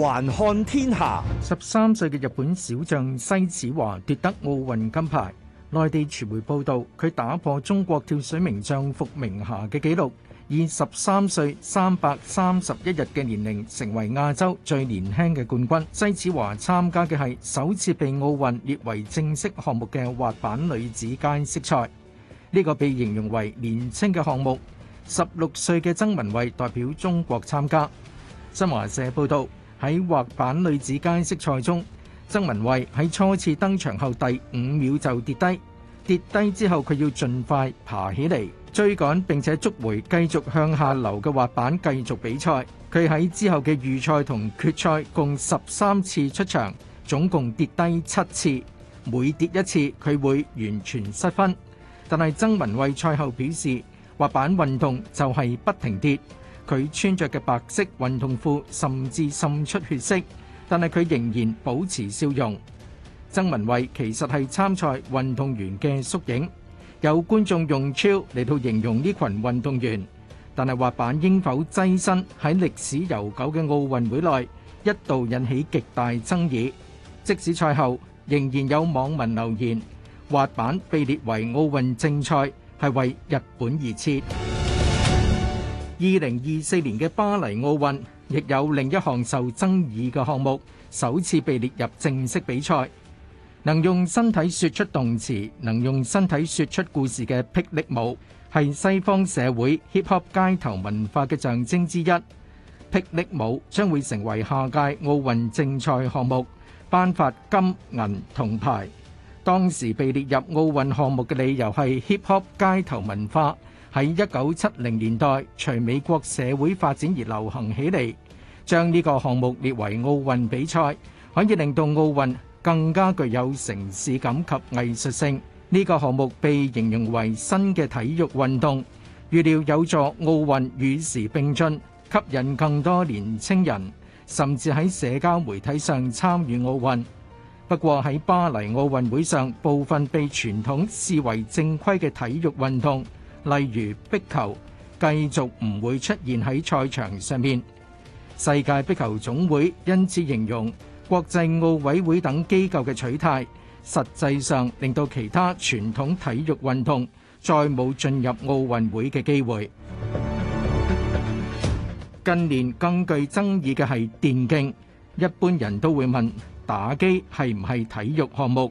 環看天下，十三歲嘅日本小將西子華奪得奧運金牌。內地傳媒報道，佢打破中國跳水名將伏明霞嘅紀錄，以十三歲三百三十一日嘅年齡，成為亞洲最年輕嘅冠軍。西子華參加嘅係首次被奧運列為正式項目嘅滑板女子街式賽，呢個被形容為年輕嘅項目。十六歲嘅曾文蕙代表中國參加。新華社報道。喺滑板女子街式賽中，曾文慧喺初次登場後第五秒就跌低，跌低之後，佢要盡快爬起嚟追趕，並且捉回繼續向下流嘅滑板繼續比賽。佢喺之後嘅預賽同決賽共十三次出場，總共跌低七次，每跌一次佢會完全失分。但係曾文慧賽後表示，滑板運動就係不停跌。佢穿着嘅白色運動褲甚至滲出血色，但係佢仍然保持笑容。曾文慧其實係參賽運動員嘅縮影，有觀眾用超嚟到形容呢群運動員，但係滑板應否躋身喺歷史悠久嘅奧運會內，一度引起極大爭議。即使賽後，仍然有網民留言滑板被列為奧運正賽係為日本而設。二零二四年嘅巴黎奧運，亦有另一項受爭議嘅項目，首次被列入正式比賽。能用身體說出動詞，能用身體說出故事嘅霹靂舞，係西方社會 hip hop 街頭文化嘅象徵之一。霹靂舞將會成為下屆奧運正賽項目，頒發金銀銅牌。當時被列入奧運項目嘅理由係 hip hop 街頭文化。喺一九七零年代，隨美國社會發展而流行起嚟，將呢個項目列為奧運比賽，可以令到奧運更加具有城市感及藝術性。呢個項目被形容為新嘅體育運動，預料有助奧運與時並進，吸引更多年青人，甚至喺社交媒體上參與奧運。不過喺巴黎奧運會上，部分被傳統視為正規嘅體育運動。例如壁球，繼續唔會出現喺賽場上面。世界壁球總會因此形容國際奧委會等機構嘅取態，實際上令到其他傳統體育運動再冇進入奧運會嘅機會。近年更具爭議嘅係電競，一般人都會問：打機係唔係體育項目？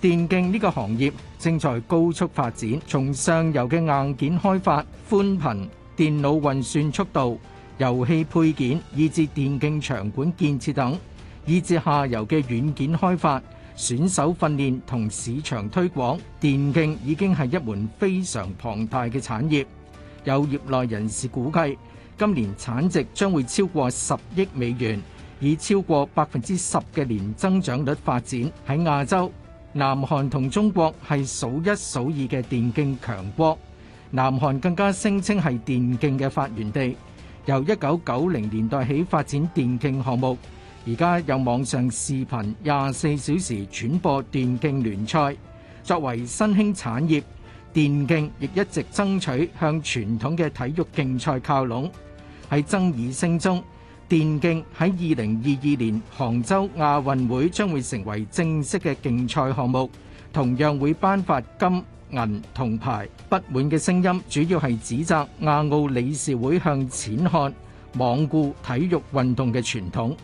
電競呢個行業正在高速發展，從上游嘅硬件開發、寬頻、電腦運算速度、遊戲配件、以至電競場館建設等，以至下游嘅軟件開發、選手訓練同市場推廣，電競已經係一門非常龐大嘅產業。有業內人士估計，今年產值將會超過十億美元，以超過百分之十嘅年增長率發展喺亞洲。南韓同中國係數一數二嘅電競強國，南韓更加聲稱係電競嘅發源地，由一九九零年代起發展電競項目，而家有網上視頻廿四小時轉播電競聯賽。作為新興產業，電競亦一直爭取向傳統嘅體育競賽靠攏，喺爭議聲中。電競喺二零二二年杭州亞運會將會成為正式嘅競賽項目，同樣會頒發金銀銅牌。不滿嘅聲音主要係指責亞奧理事會向錢看，罔顧體育運動嘅傳統。